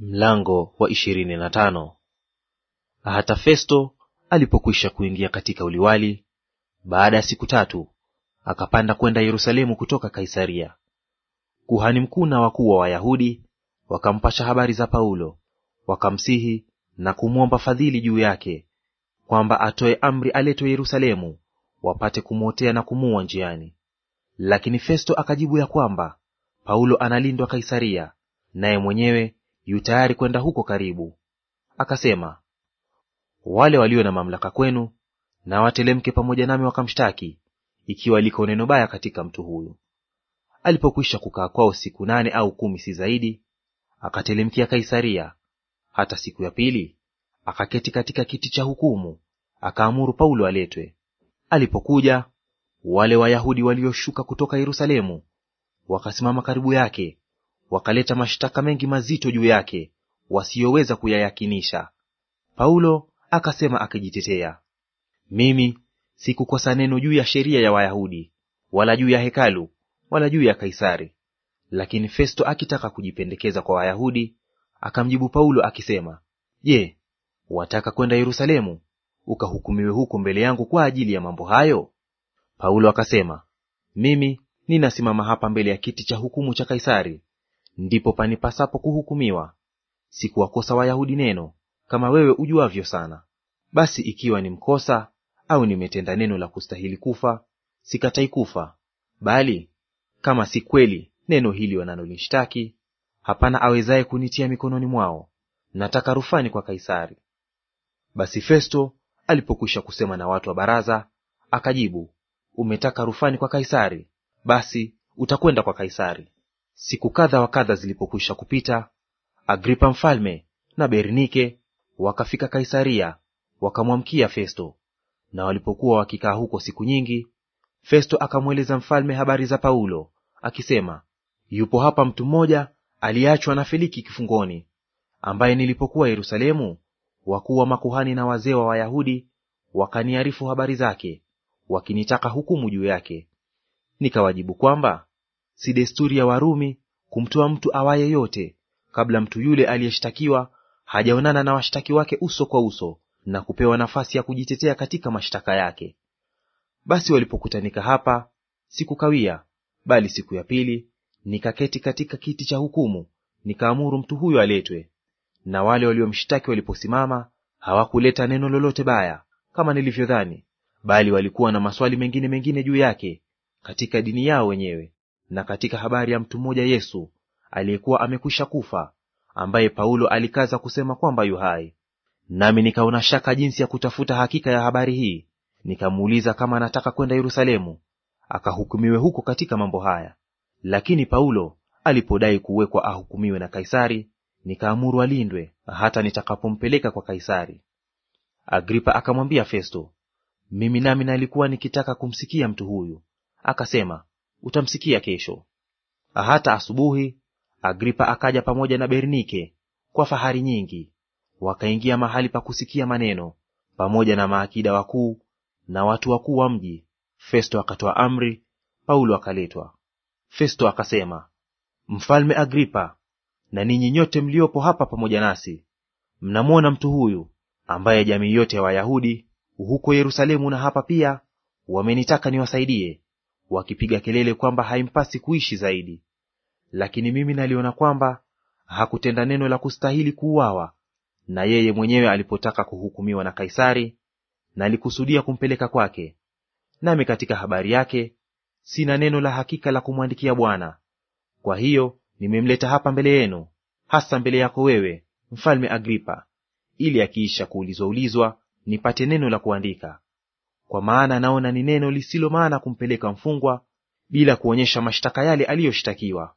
Mlango wa ishirini na tano. Hata Festo alipokwisha kuingia katika uliwali baada ya siku tatu, akapanda kwenda Yerusalemu kutoka Kaisaria. Kuhani mkuu na wakuu wa Wayahudi wakampasha habari za Paulo, wakamsihi na kumwomba fadhili juu yake, kwamba atoe amri aletwe Yerusalemu, wapate kumwotea na kumuua njiani. Lakini Festo akajibu ya kwamba Paulo analindwa Kaisaria, naye mwenyewe yu tayari kwenda huko karibu. Akasema, wale walio na mamlaka kwenu na watelemke pamoja nami wakamshtaki, ikiwa liko neno baya katika mtu huyu. Alipokwisha kukaa kwao siku nane au kumi, si zaidi, akatelemkia Kaisaria. Hata siku ya pili akaketi katika kiti cha hukumu, akaamuru Paulo aletwe. Alipokuja, wale Wayahudi walioshuka kutoka Yerusalemu wakasimama karibu yake, wakaleta mashtaka mengi mazito juu yake wasiyoweza kuyayakinisha. Paulo akasema akijitetea, mimi sikukosa neno juu ya sheria ya Wayahudi wala juu ya hekalu wala juu ya Kaisari. Lakini Festo akitaka kujipendekeza kwa Wayahudi akamjibu Paulo akisema, Je, wataka kwenda Yerusalemu ukahukumiwe huko mbele yangu kwa ajili ya mambo hayo? Paulo akasema, mimi ninasimama hapa mbele ya kiti cha hukumu cha Kaisari ndipo panipasapo kuhukumiwa. Sikuwakosa Wayahudi neno, kama wewe ujuavyo sana. Basi ikiwa ni mkosa au nimetenda neno la kustahili kufa, sikatai kufa; bali kama si kweli neno hili wanalonishtaki, hapana awezaye kunitia mikononi mwao. Nataka rufani kwa Kaisari. Basi Festo alipokwisha kusema na watu wa baraza, akajibu, umetaka rufani kwa Kaisari, basi utakwenda kwa Kaisari. Siku kadha wa kadha zilipokwisha kupita, Agripa mfalme na Bernike wakafika Kaisaria, wakamwamkia Festo. Na walipokuwa wakikaa huko siku nyingi, Festo akamweleza mfalme habari za Paulo akisema, yupo hapa mtu mmoja aliyeachwa na Feliki kifungoni, ambaye nilipokuwa Yerusalemu, wakuu wa makuhani na wazee wa Wayahudi wakaniarifu habari zake, wakinitaka hukumu juu yake. Nikawajibu kwamba si desturi ya Warumi kumtoa mtu awaye yote kabla mtu yule aliyeshtakiwa hajaonana na washtaki wake uso kwa uso na kupewa nafasi ya kujitetea katika mashtaka yake. Basi walipokutanika hapa, sikukawia, bali siku ya pili nikaketi katika kiti cha hukumu, nikaamuru mtu huyo aletwe. Na wale waliomshtaki waliposimama, hawakuleta neno lolote baya kama nilivyodhani, bali walikuwa na maswali mengine mengine juu yake katika dini yao wenyewe na katika habari ya mtu mmoja Yesu aliyekuwa amekwisha kufa, ambaye Paulo alikaza kusema kwamba yu hai. Nami nikaona shaka jinsi ya kutafuta hakika ya habari hii, nikamuuliza kama anataka kwenda Yerusalemu akahukumiwe huko katika mambo haya. Lakini Paulo alipodai kuwekwa ahukumiwe na Kaisari, nikaamuru alindwe hata nitakapompeleka kwa Kaisari. Agripa akamwambia Festo, mimi nami nalikuwa nikitaka kumsikia mtu huyu. Akasema, utamsikia kesho. Hata asubuhi Agripa akaja pamoja na Bernike kwa fahari nyingi, wakaingia mahali pa kusikia maneno pamoja na maakida wakuu na watu wakuu wa mji. Festo akatoa amri, Paulo akaletwa. Festo akasema, Mfalme Agripa, na ninyi nyote mliopo hapa pamoja nasi, mnamwona mtu huyu ambaye jamii yote ya Wayahudi huko Yerusalemu na hapa pia wamenitaka niwasaidie wakipiga kelele kwamba haimpasi kuishi zaidi. Lakini mimi naliona kwamba hakutenda neno la kustahili kuuawa, na yeye mwenyewe alipotaka kuhukumiwa na Kaisari, nalikusudia kumpeleka kwake. Nami katika habari yake sina neno la hakika la kumwandikia Bwana. Kwa hiyo nimemleta hapa mbele yenu, hasa mbele yako wewe, Mfalme Agripa, ili akiisha kuulizwa ulizwa nipate neno la kuandika kwa maana naona ni neno lisilo maana kumpeleka mfungwa bila kuonyesha mashtaka yale aliyoshtakiwa.